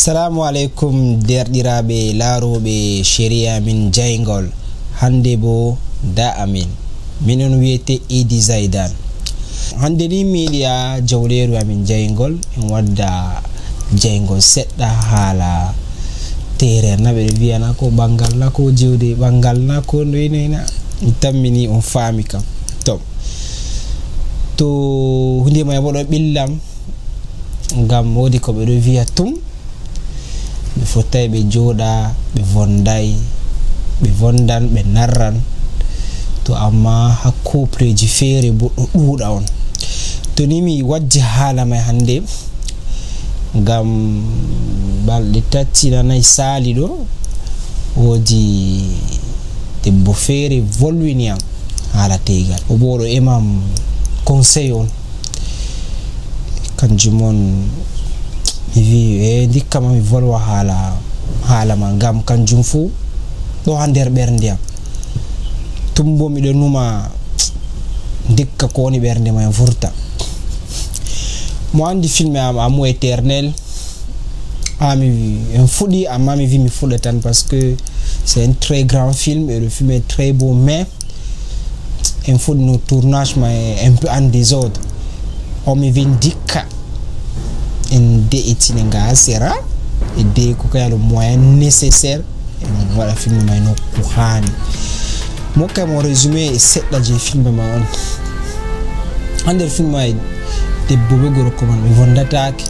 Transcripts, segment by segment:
assalamu aleykum derɗiraɓe laaroɓe chéria min jayngol hande bo da amin minon wiyete idi zaidan hande ni miɗiya jawleru amin jayngol en wadda jayngol seɗɗa haala terena ɓeɗo wiyana ko ɓangal na ko jewde ɓangal na ko ndoynoyna tammini on faami kam to to hunde may boɗo ɓillam ngam wodi ko ɓeɗo wiya tum fottai ɓe jooɗa ɓe vonday ɓe vondan ɓe narran to amma ha kopreji feere bo ɗo ɗuuɗa on to ni mi wajji haala mai hannde ngam balɗe tattinanayi saali ɗo woodi debbo feere volwini yam haala tegal o bo ɗo emam conseil on kanjum on ivi e eh, ndi kama mi volwa Hala, Hala ma gam kanjum fuu ɗo ha nder am tumbo miɗo numa ndikka ko woni ɓernde ma vurta mo andi filme am amour éternel ami en fudi amma mi wi mi fuɗa tan parce que c'est un très grand film et le film est très beau mais en fuɗi no tournage ma un peu en désordre on mi wi ndikka en de'itina nga sera e de ko kayalo moyen nécessaire en waɗa filme ma nokku hani mokkaymo résumé e seɗɗa je filme ma on ha nder filme ma debbo ɓe gorko man ɓe wondatake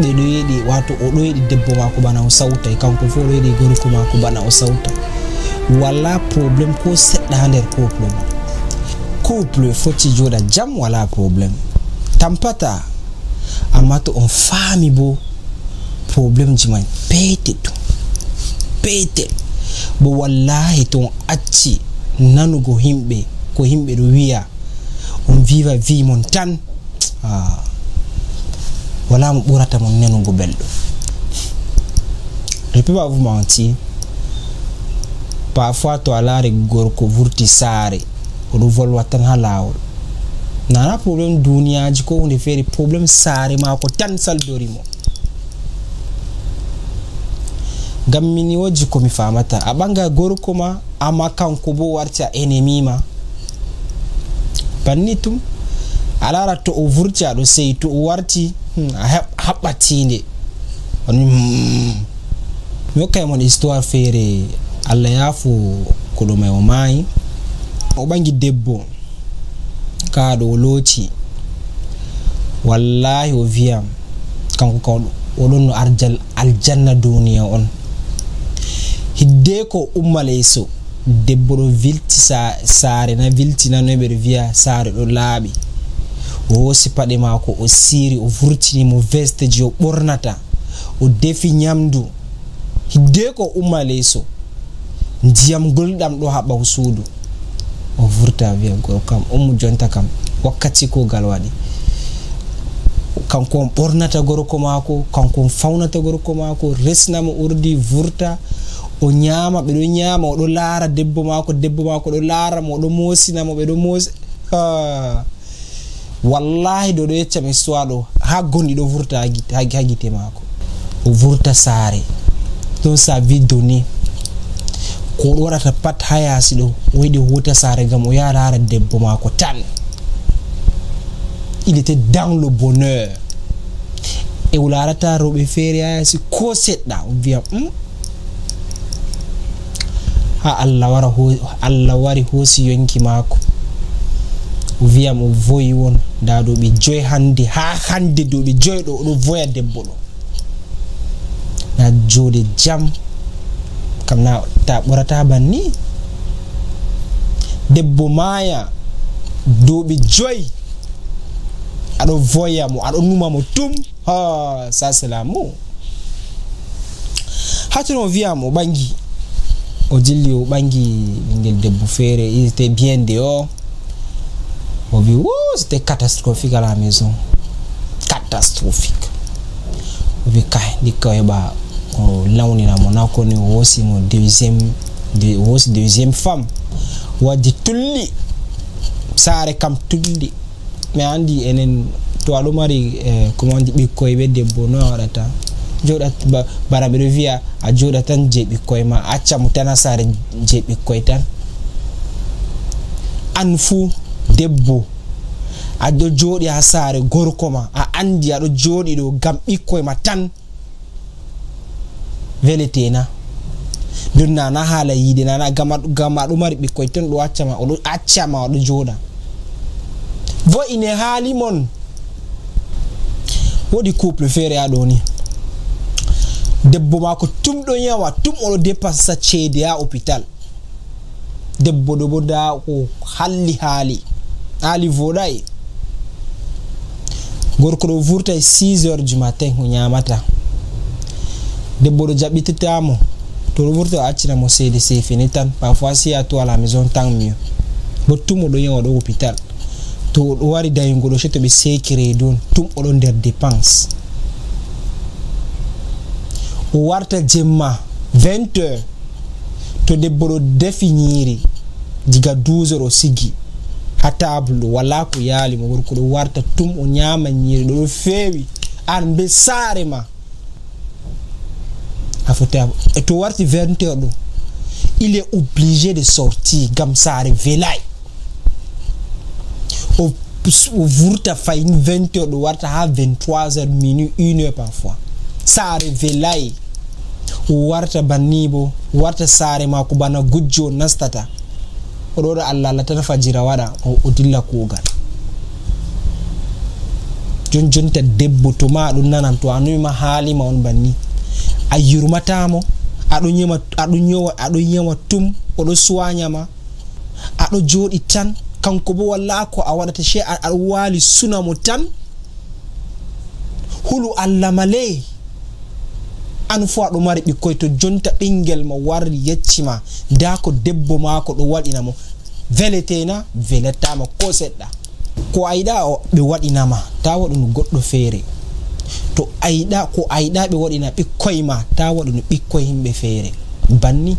ɓeɗo yeɗi wato o ɗo yeɗi debbo mako bana o sawta kanko fo ɗo yeɗi gorko mako bana o sawta wala probléme ko seɗɗa ha nder couple ma couple foti joɗa jam wala probléme tampata amma to on faami bo probléme ji man petel ɗum petel bo wallahi to on acci nanugo yimɓe ko yimɓe ɗo wiya on viva vi mon tan wala mo ɓurata mon nanugo belɗo je peux pas vous mentir parfois to a laari gorko wurti saare oɗo volwa tan ha laawol nana probléme duniyaji ko hunde feere probléme saare mako tan saldorimo gam mini wojji komi famata a ɓanga gorko ma amma kanko bo warti a enemi ma banni tum a lara to o vurti aɗo sey to o warti hmm, a haɓɓatinde oni hmm, mi hokkay mon histoire feere allah yaafo koɗo may o maayi o ɓangi debbo kaaɗo o looti wallahi o wiyam kanko kawɗo oɗon no arjal aljanna duniya on hidde ko umma leyso debbo ɗo wilti saare na wiltinano ɓeɗo wiya saare ɗo laaɓi o hoosi paɗe maako o siiri o vurtinimo veste ji o ɓornata o defi ñamdu hidde ko umma leyso ndiyam golɗam ɗo ha ɓaw suudu o vurta wiya gorkam omo jonta kam wakkati kogal waɗi kanko on ɓornata gorko maako kanko on fawnata gorko maako resnama urdi vurta o ñaama ɓeɗo ñaama oɗo laara debbo maako debbo maako ɗo laara mo oɗo moosinamo ɓeɗo moosi wallahi ɗo ɗo yeccam histoir ɗo ha gonɗi ɗo vurta ha gite maako o vurta saare ɗon sa vi donné ko ɗo waɗata pat ha yaasi ɗo o yiɗi wuta saare gam o yaa laara debbo maako tan il était dans le bonheur e o laarata roɓe feere ha yaasi ko seɗɗa o wiyam hmm? ha allah wara allah wari hoosi yonki maako o wiyam o voyi won nda ɗo ɓe joyi hande ha hande dow ɓe joyi ɗo oɗo voya debbo ɗo na jooɗe jam kamna ta ɓurata banni debbo maaya duuɓi joyi aɗo voya mo aɗo numa mo tum ha sa salamu hatono o wiyam o ɓangi o jilli o ɓangi ɓingel debbo feere te biyende o o wi wo c'était catastrophique à la maison catastrophique o wi kay ndikka o heɓa o lawniramo na koni o wosimo deuxiéme de wosi deuxiéme femme wadde tulli saare kam tulli mi andi enen to aɗo mari commandi e, ɓikkoye ɓe debbo no waɗata joɗat bana ɓeɗo wiya a joɗa tan je ɓikkoye ma accamo tan ha saare je ɓikkoye tan an fuu debbo aɗo joɗi ha saare gorko ma a andi aɗo joɗi ɗo gam ɓikkoye ma tan vele tena ndun nana haala yiide nana gama gama ɗumari ɓikkoy ton ɗo accama oɗo accama oɗo jooɗa vo ine haali mon woɗi couple feere ha ɗo ni debbo maako tum ɗo yawa tum oɗo dépassa ceede ha hôpital debbo ɗo bo da o halli haali haali voɗay gorko ɗo vurtay 6 heures du matin o ñamata debbo ɗo jaɓɓititamo to ɗo vurti o accinamo seede sefini tan parfois si a toa la maison tan mieux bo tum oɗo yia oɗo hôpital to oɗo wari dayugoɗo se to ɓe sekiredi on tum oɗo nder dépense o warta jemma 20 heures to debbo ɗo definiri diga 12 heures o sigi ha table ɗo wala ko yaalimo gorko ɗo warta tum o ñama ñiri ɗo ɗo fewi an be saare ma a fotaabo e to warti 20 heure ɗo il est obligé de sortir gam saare velay o o vurta fayin 20 heure ɗo warta ha 23 heure minuit une heure parfois saare velay o warta banni bo warta saare mako bana gujjo o nastata oɗo ɗo allah allah tan fajira waɗa o, o dilla kuugal jon jonta debbo to ma ɗum nanan to anuyima haalima on banni a yurmatamo aɗo yowa aɗo yama tum oɗo suwayama aɗo joɗi tan kanko bo walla ko a waɗata she aɗo wali sunamo tan hulu allah male an fo aɗo mari ɓikkoy to jonta ɓingel ma warri yeccima nda ko debbo mako ɗo waɗinamo veletena velettama ko seɗɗa ko a yiɗa ɓe waɗinama ta waɗunu goɗɗo feere to ayiɗa ko ayiɗa ɓe waɗina ɓikkoye ma ta waɗu no ɓikkoye yimɓe feere banni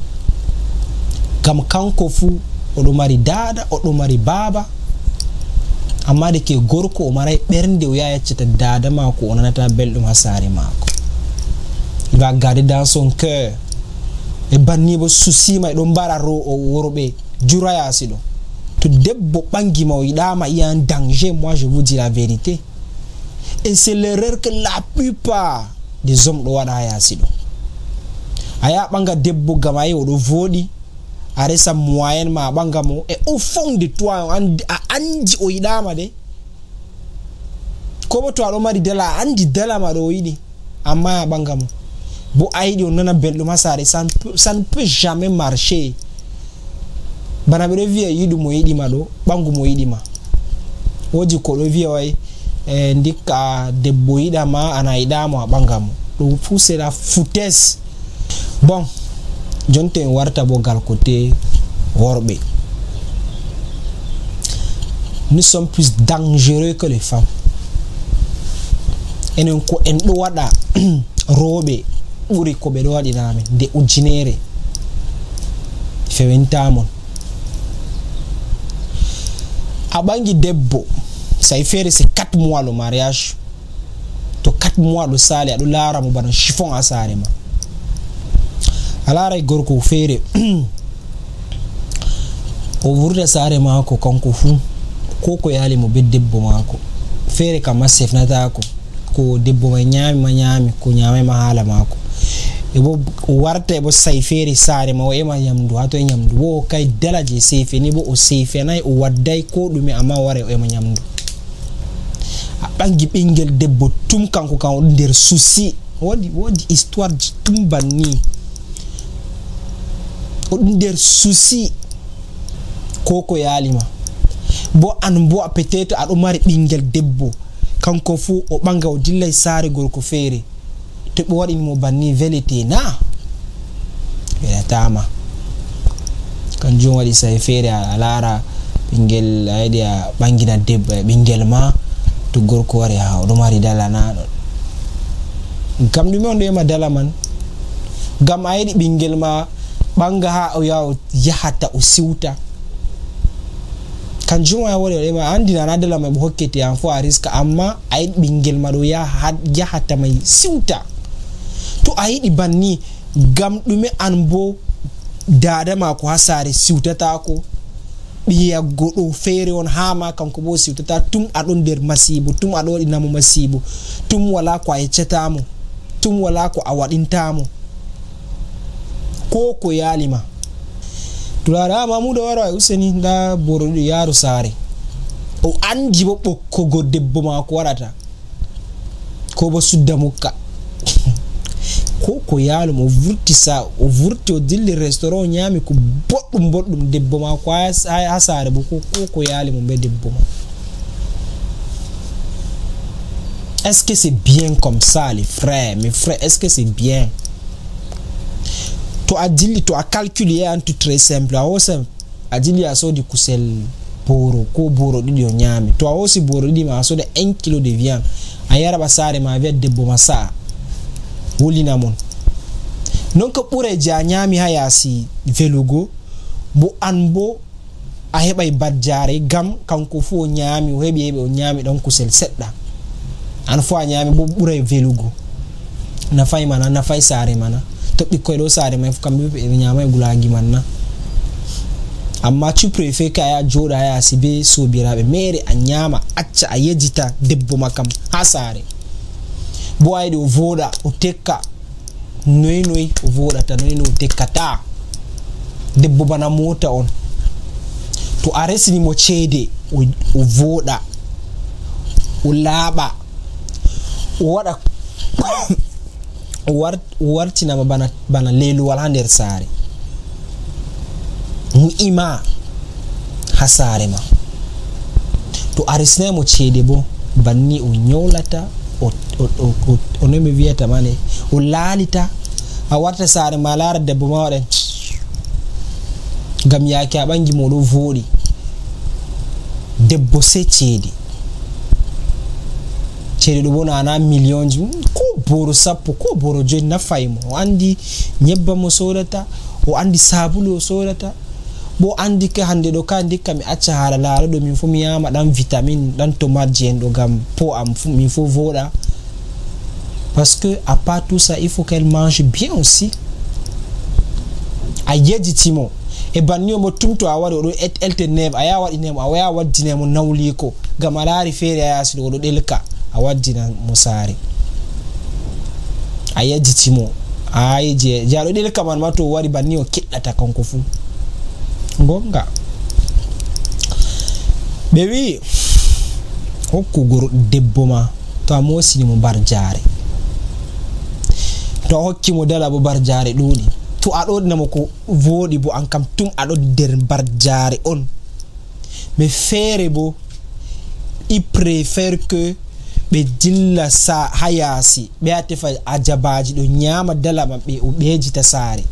gam kanko fuu oɗo mari daada oɗo mari baaba amma de ke gorko o maray ɓernde o yaha yeccata daada maako o nanata belɗum ha saare maako va garde dans son cœur e bannibo susima eɗo mbara ro o worɓe juroyasi ɗo to debbo ɓangima o yiɗama iyan danger moi je vous dis la vérité et c'est le reur que la plupart des hommes ɗo waɗa ha yaasi ɗo a yaha ɓaga debbo gam ayi oɗo voɗi a resa moyen ma a ɓaga mo e o fonde toi a andi o yiɗama de komo to aɗo mari dala a andi dalama ɗo o yiɗi amma a ɓaga mo bo a yiɗi o nana belɗum ha sare ça ne peut jamais marché bana ɓeɗo wiya yiɗu mo yiɗima ɗo ɓagu mo yiɗima woodi koɗo wiya way e dikka debbo yiɗama ana yiɗamo a ɓagamo ɗum fu sera futes bon jonte en warta bo gal kote worɓe nous sommes plus dangereux que les femmes enen ko en ɗo waɗa rooɓe ɓuri ko ɓe ɗo waɗinamin nde ujunere fewentamon a ɓangi debbo ça e feere c'est 4 mois le mariage to 4 mois lo sali aɗo laara mo bana chiffon ha saare ma a laaray e gorko feere o wurda saare maako kanko fuu ko ko yaali e mo be debbo maako feere kam ma sefnataako ko debbo mai ñaami ma ñaami ko ñaamai ma haala maako ebo o warta ebo sai e feere saare ma o ema yamdu ha to e yamdu bo o kay dala je seefeni bo o seefenayi o wadday ko ɗume amma wara o ema yamdu a ɓangi ɓingel debbo tum kanko kan o nder souci wodi wodi histoire ji tum banni oɗum nder souci ko ko yalima bo an bo a peut-être aɗo mari ɓingel debbo kanko fuu o ɓanga o dillay saare gorko feere to ɓe waɗinimo banni velete na welatama kanjum waɗi sae feere a lara ɓingel ayiɗi a ɓangina debbo e ɓingel ma to gorko wari ha oɗo mari dala naɗon gam ɗume on ɗo dala man gam a yiɗi ɓinguel ma ɓanga ha o yaha yahata o siwta kanjum ma woni oɗema andina dala mai ɓe hokkete an fo a riska amma a yiɗi ɓinguel ma ɗo yahata mai siwta to a yiɗi banni gam ɗume an bo dada mako ha sare siwtatako ɓiya goɗo feere on hama kanko bo siwtata tum aɗon nder masibo tum aɗo waɗinamo masibo tum wala ko a yeccatamo tum wala ko a waɗintamo ko ko yalima turara mamudo wara e useni nda boroɗo yaro saare o andi bo ɓokkogo debbo mako warata ko bo sudda mukka ko ko yaalum o vurtisa o vurti o dilli restaurant o ñaami ko boɗɗum boɗɗum debbo maako ha saare bo ko ko yaali mo be est ce que c'est bien comme ça les frères mes frères est ce que c'est bien to a dilli to a calculé en hein, to très simple a hosa a dilli a soodi kusel boro ko boro ɗiɗi o ñaami to a hoosi borodi ɗiɗi ma a sooda 1 kilo de viande a yaraɓa saare ma wiya debbo ma sa'a hulinamon nonka ɓuray je a ñami ha yaasi velugo mo an bo a heɓay badjare gam kanko fu o ñami o heɓi heɓe o ñami ɗon kusel seɗɗa an fo a ñami bo ɓuray velugo nafay mana nafay saare mana to ɓikkoy ɗo saare may fo kamɓe ɓe ñamay gulagi manna amma tu préfet ka ya jooɗa yaasi be sobiraɓe mere a ñama acca a yejita debbo ma kam ha saare bo wawiɗi o voɗa o tekka noy noy o voɗata noy no o tekkata debbo bana mota on to a resnimo ceede o voɗa o laaɓa o waɗa o wartinama bana bana leluwal ha nder saare mo ima ha saare ma to a resnaimo ceede bo banni o nyawlata o nomi wiyata mane o laalita a warta saare ma laara debbo ma waɗen gam yaake a ɓangi mo ɗo vooɗi debbo se ceedi ceedi ɗo bonana million ji ko boro sappo ko boro joyi nafayimo o andi nyebba mo sodata o andi sabule o sodata bo andi ka hande ɗo ka ndikka mi acca haala laalaɗo min fo mi yama ɗan vitamine ɗan tomatji en ɗo gam po am fu min fo voɗa parce que à part tout ça il faut qu'elle mange bien aussi a yejitimo e banniomo tumto a waɗi oɗo elte nem a ya waɗi nem a ya waddinemo nawli ko gam a laari feere a yasido oɗo ɗelka a waddinamo saare a yejitimo ayje je aɗo ɗelka man ma to wari banni o keɗɗata kanko fuu gonga ɓe wi hokkugor debbo ma to a mosinimo mbar jaare to a hokki mo dal abo barjaare ɗoɗi to a ɗoɗinamo ko voɗi bo an kam tum aɗo nder barjaare on ɓe feere bo i préfére que ɓe dilla sa ha yaasi ɓe ya tefa a jabaji ɗo ñaama dala maɓɓe o ɓeejita saare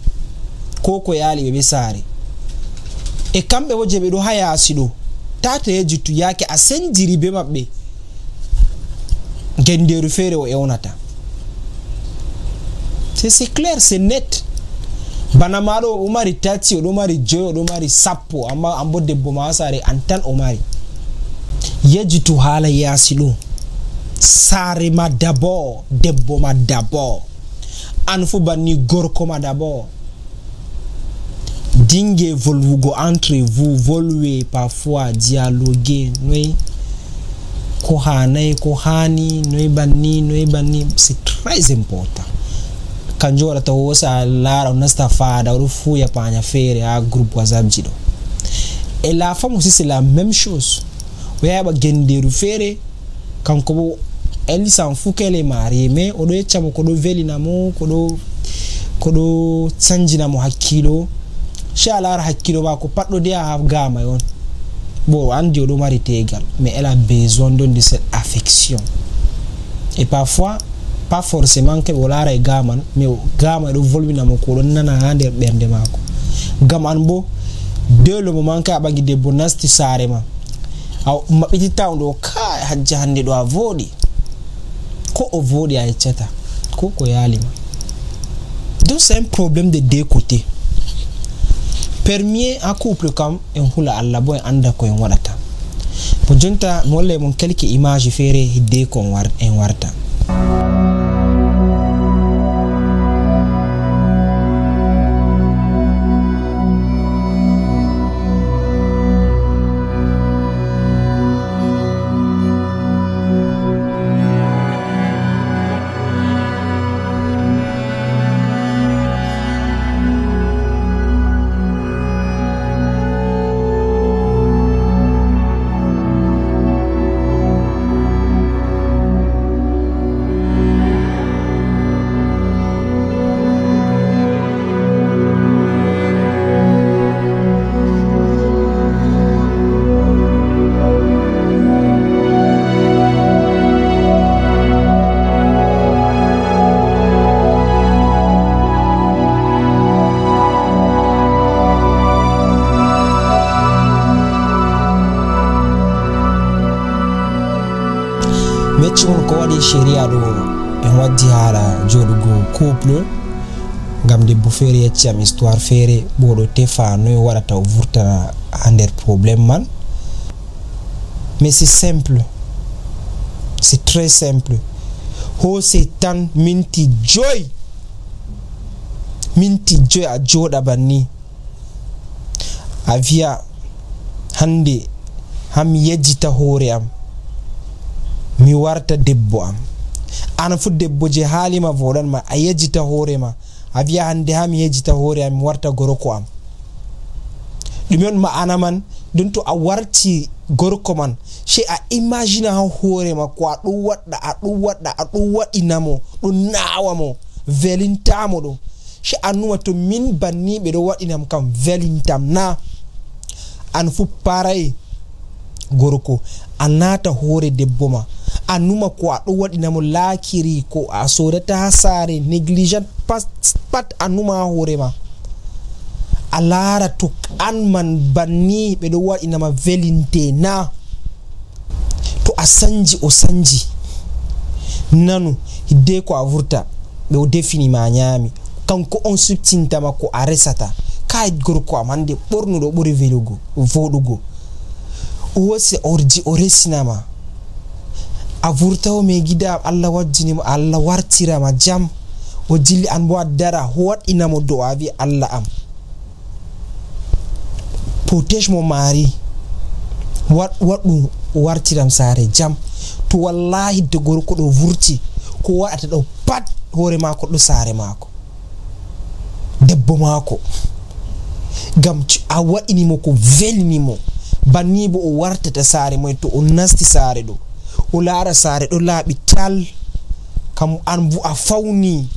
ko ko yaali ɓe ɓe saare e kamɓe bo je ɓe ɗo ha yaasi ɗo tatayejitu yaake a sendiri be maɓɓe gendeeru feere o ewnata C'est clair, c'est net. banamaro omari tati oɗo mari joyi oɗo mari sappo amma an debbo ma sare an tan o mari yejitu hala yasi ɗum saare ma d'abord debbo ma dabo an fu banni gorko ma dabo dinge volwugo entre vous volwe parfois dialogue noyi ko hanayi ko hani noyi banni noyi banni c'est très important kanju waɗata hosa laara o nasta fada oɗo fuya paña feere ha groupe whatsapp ji ɗo e lafamo si c'est la même chose o yaɓa guenderu feere kanko bo elisan fu kele marie mais oɗo yeccamo koɗo velinamo koɗo koɗo sanjinamo hakkilo se a laara hakkilo mako patɗo de a ha gama on bo andi oɗo mari tegal mais elle a besoin don de cette affection et parfois pas forcément keɓe o laara e gaman mais gama e ɗo volwinamo ko ɗon nana ha nder ɓernde mako gam an bo deux le moment ke a ɓagi debbo nasti saarema a maɓɓititta on ɗo ka hajja hande ɗo a vooɗi ko o vooɗi a yeccata ko ko yaalima donc c'est un probléme de décoté permier a couple kam en hula allah bo en anda ko en waɗata bo jonta mi wallaymon quelque image feere hiddeko en warta Thank you goɗɗo gam debbo feere yecciyam histoire feere ɓoɗo tefa noy waɗata o vurtana ha nder probléme man mais c'est simple c'est très simple hoose tan minti joyi minti joyi a joɗa ban ni a wiya hande hami yejjita hoore am mi warta debbo am an fu debbo je halima voɗanma a yejjita hoorema a wiya hande ha mi yejjita hoore am mi warta gorko am ɗume on ma'ana man don to a warti gorko man sey a imagina ha hoorema ko a ɗum waɗɗa a ɗum waɗɗa a ɗum waɗinamo ɗum nawa velintamo ɗum sey a numa to min banni ɓe ɗo waɗinam kam velintam na an fu paray gorko a nata hoore debbo ma a numa ko aɗo waɗinamo laakiri ko a sodata ha saare négligent pat a numa ha hoorema a laara to an man banni ɓeɗo waɗinama velinte na to a sanji o sanji nanu hidde ko a vurta ɓe o defini ma ñaami kanko on subtintama ko a resata kay gorko am hande ɓornuɗo ɓuri velugo voɗugo o wasi orji o resinama a vurtawo me giɗam allah wajjinimo allah wartirama jam o jilli an bo a dara waɗinamo do'a wi allah am protége mo mari waɗɗum wartiram saare jam to wallahi de gorko ɗo vurti ko waɗata ɗo pat hoore mako ɗo saare mako debbo mako gam a waɗinimo ko velnimo bannibo o wartata saare moy to o nasti saare ɗo o laara saare ɗo laaɓi tal kam an bo a fawni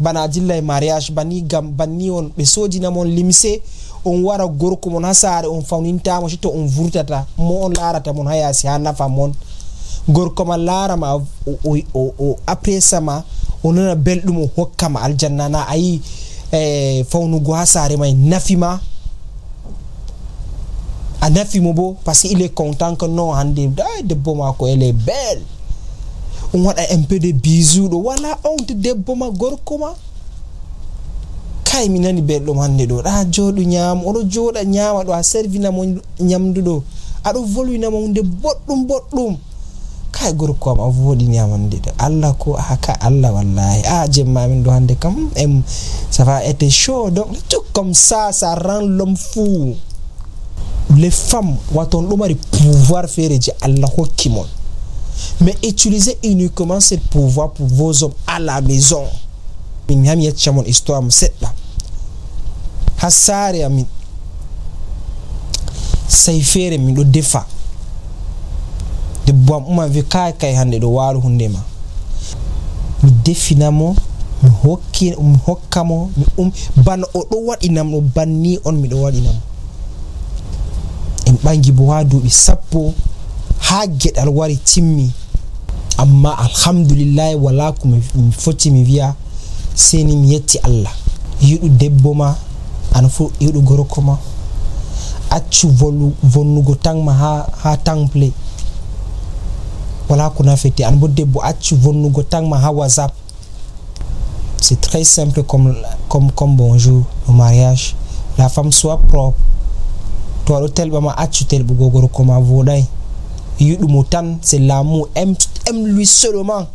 bana dillae mariage bani gam banni on ɓe sodinamon limse on wara gorko mon ha saare on fawnintamo sitto on vurtata mo on laarata mon ha yaasi ha nafa mon gorko ma laarama o apesama o nana belɗum o hokkama aljanna na ayi e eh, fawnugo ha saare may nafima a nafi mo bo par ce que il est content que non hande debbo mako elle est belle on waɗa un peu de bisuɗo wala onte debbo ma gorko ma kay mi nani belɗom hande ɗo ɗa joɗo ñama oɗo joɗa ñama ɗo a servinamo ñamduɗo aɗo volwinamo hunde boɗɗum boɗɗum kay gorko am a voɗini amande ɗo allah ko a ka allah wallahi a jemmamin ɗo hande kam em ça va été chaud donc tout comme ça ça rend l'homme fou les femmes ont le pouvoir faire Allah mais utilisez uniquement ce pouvoir pour vos hommes à la maison Il y a une histoire qui defa uman vika kay hande do walu hunde ma mi definamo mi mi um o en ɓangi bo ha duuɓi sappo ha geɗal wari timmi amma alhamdulillahi wala ko mi foti mi wiya seni mi yetti allah yiɗu debbo ma ana fo yiɗu gorko ma accu vonnugo tan ma ha, ha tanple wala ko nafete an bo debbo accu vonnugo tan ma ha whatsapp c'est très simple comme, comme, comme bonjour au mariage la femme soit propre to aɗo telɓama accu telɓugo gorko ma voɗai yiɗumo tan se lamu m lui seulo ma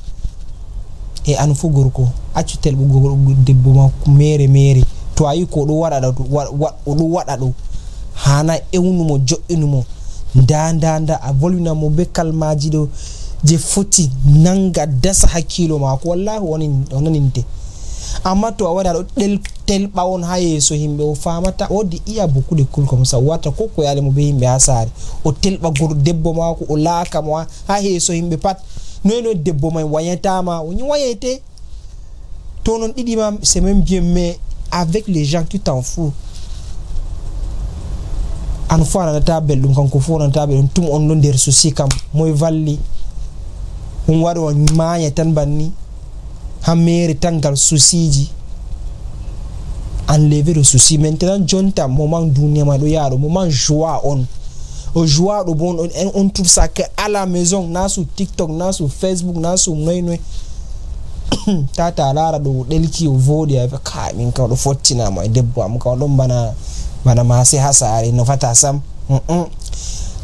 e an fo gorko accu telɓugo debbo ma mere mere to a yi ko oɗo waɗaoɗo waɗa ɗo hana ewnumo joɗinumo nda danda a volwinamo be kalmaji ɗo je foti nanga dasa hakkilo mako wallahi wonaninte wani amma to a wari aɗo deltel ɓawon ha yeeso himɓe o famata wodi iya bokkude kulkom sa watta ko koyalimo be himɓe ha saare o telɓa goro debbo mako o laakamo ha yeeso himɓe pat noyno debbo mai wayatama oñi wayete to non ɗiɗima c'est même bien mais avec les gens tu t'en fou an fo ananata belɗum kanko fo ananata belɗum tum on no nder souci kam moye valli on waɗo maya tan banni hammeri tangal susiji enlevé de souci maintenant jonta moment duniya ma ɗo yaaɗo moment joi on o joi ɗo bo on on trouve ça que à la maison na su tiktok na su facebook na su noy noy tata laara ɗo ɗelki o voɗi a ka min kam ɗo fottinama e debbo am kam ɗon bana bana masi ha saare nofata sam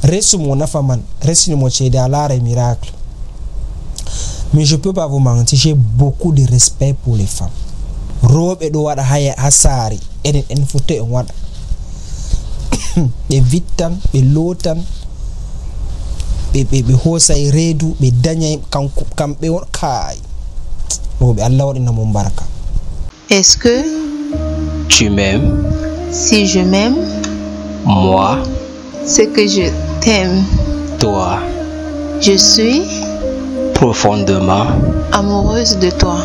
resumo nafa man resinimo ceede a laara e miracle mais je peux pas vous mentir j'ai beaucoup de respect pour les femmes rewɓe ɗo waɗa ha ha saari enen en foto en waɗa ɓe vittan ɓe be be hoosay reedu ɓe dañay kanko kamɓe won kaay robe allah wadina mon baraka est ce que tu m'aimes si je m'aime moi C'est que je t'aime toi je suis profondément amoureuse de toi.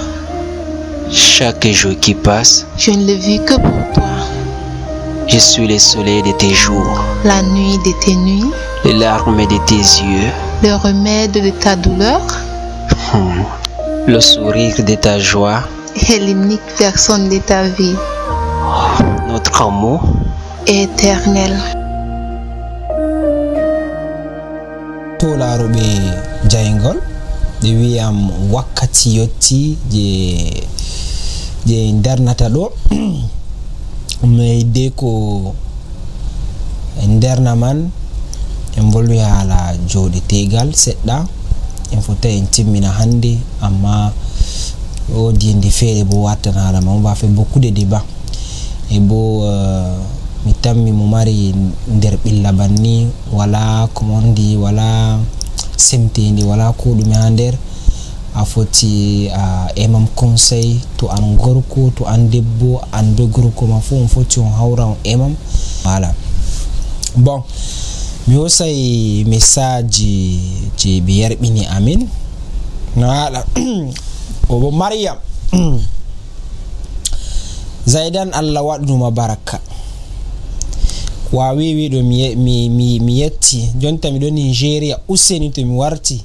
Chaque jour qui passe, je ne le vis que pour toi. Je suis le soleil de tes jours, la nuit de tes nuits, les larmes de tes yeux, le remède de ta douleur, hmm. le sourire de ta joie et l'unique personne de ta vie. notre amour est éternel. la robe ɗi wiyam wakkati yetti je je darnata ɗo mayde ko en darna man en volwi haala joɗe tegal seɗɗa en fottai en timmina hande amma o diyende feere bo wartan haala ma bafe bokkude di ba e bo uh, mi tammi mo mari nder ɓilla banni wala ko mondi wala semtedi wala ko ɗume ha nder a foti a emam conseil to an gorko to an debbo an be gorko ma fo on foti on hawra on emam voilà bon mi hosay message je ɓe yarɓini amin voilà obo mariam zaidan allah waɗnuma baraka wawiwi ɗo mi yetti jonta miɗo nigéria useni tomi warti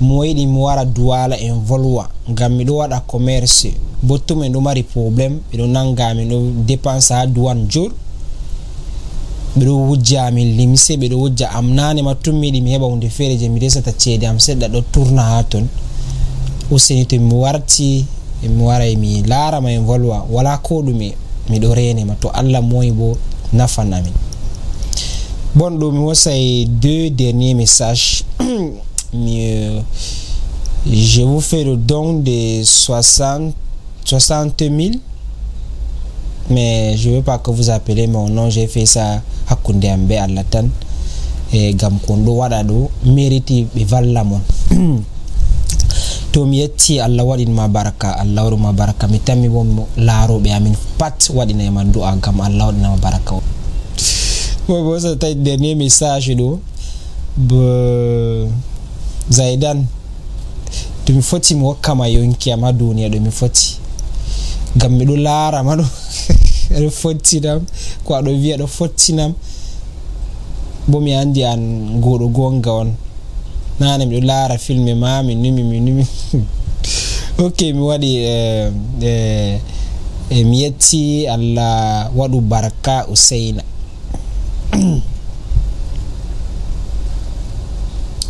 mo yiɗi mi wara duwala en volwa ngam miɗo waɗa commerce bottumen ɗo mari probléme ɓeɗo nangamin ɗo dépense ha duwan jour ɓeɗo wujja amin limse ɓeɗo wujja am nane ma tun miyiɗi mi heɓa hunde feere je mi resata ceede am seɗɗa ɗo tourna ha ton useni tomi warti mi waray mi larama en volwa wala ko ɗume miɗo renema to allah moyi bo na bon ɗo mi deux derniers messages. je vous fais le don de 60 60 000 mais je veux pas que vous appelez mon nom j'ai fait ça à am à latin. Et e gam kon tomi yetti allah waɗinma baraka allah waɗuma baraka mi tammi bo laaroɓe amin pat waɗinaman e du'a gam allah waɗinama baraka moi bo so tawi dernier message ɗo zaidan to mi foti mi hokkama yonki am ha duniya ɗo mi foti gam miɗo laarama ɗo aɗo fottinam ko aɗo wiya ɗo fottinam bo mi andi an goɗo gonga on nane mi laara film ma mi numi mi numi ok mi waɗi e eh, eh, eh, mi yetti allah waɗu barka Useina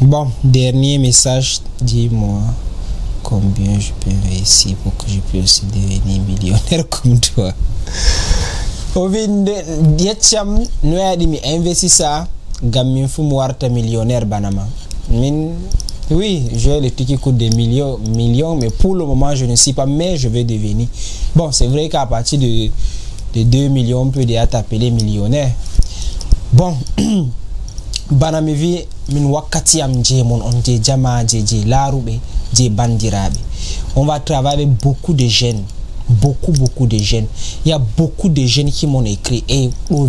bon dernier message dis moi combien je peux investir pour que je puisse devenir millionnaire comme toi o je yeccam no yaɗi mi gam min millionnaire banama. Oui, je le truc qui coûte des millions, millions, mais pour le moment, je ne sais pas, mais je vais devenir. Bon, c'est vrai qu'à partir de, de 2 millions, on peut déjà t'appeler millionnaire. Bon, dans min vie, je mon on on va travailler avec beaucoup de jeunes beaucoup beaucoup de jeunes il y a beaucoup de jeunes qui m'ont écrit et au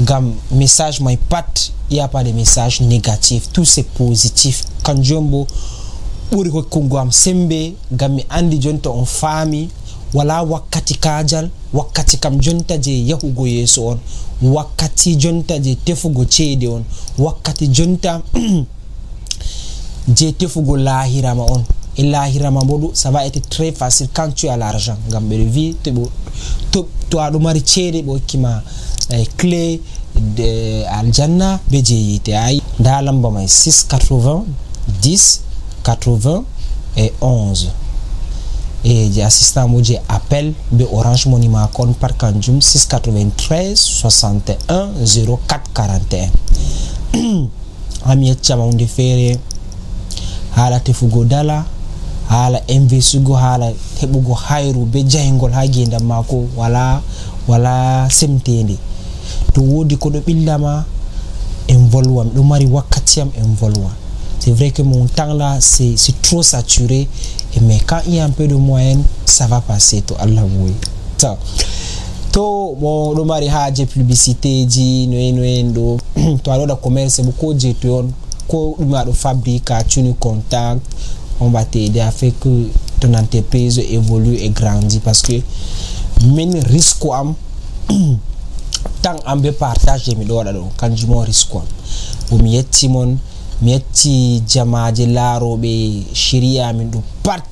gam message mai pat ya pa de message négatif tout c'est positif kanjum bo ɓuri hokkugo am sembe gam mi andi jonta on faami wala wakkati kajal wakkati kam jonta je yahugo yeeso on wakkati jonta je tefugo ceede on wakkati jonta je tefugo laahirama on e laahirama bo ɗu ça va été très facile quand tu as l'argent gam ɓeɗo vi to aɗo mari ceede ɓe hokkima clé de Aljanna be je yite ay nda mai 680 10 80 et 11 et je assistant mo appel de orange money ma kon par kanjum 693 61 04 41 amiya camande fere haala tefugo dala haala investigo haala heɓugo hayru be jahingol ha gendam mako wala wala semtende to wodi ko ɗo ɓillama en volwan ɗo mari wakkati am en c'est vrai que mon temps là c'est trop saturé et mais quand il y a un peu de moyen ça va passer to allah woyi ta to bon ɗo mari haje publicité ji en noen ɗo to alors waɗa commerce c'est beaucoup je toy on ko ɗum aɗo fabrique a cuni contact on va t'aider à faire que ton entreprise évolue et grandit parce que même risque am tan an be partage e mi ɗo waɗa ɗo kanjumo risque on omi yetti mon mi yetti jamaje laaroɓe chiria min ɗo pat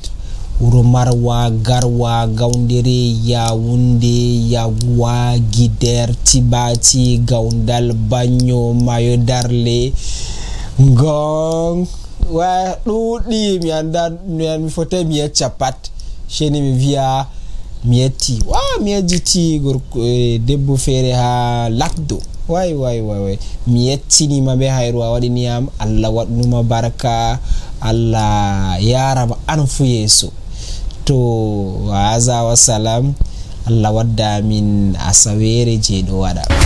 wuro marwa garwa gawdere yawunde yagwa guider tibati gawdal bagno mayo darle gon wa ɗuɗi mi anda mi fotai mi yecca pat ceni mi wiya mi yetti wa mi yejjiti e, debbo feere ha lakdo way way way way mi yettinima ɓe hayru a waɗiniyam allah waɗnuma barka allah yarama an fu yeeso to aza wasalam allah wadda min asaweere jeeɗo waɗa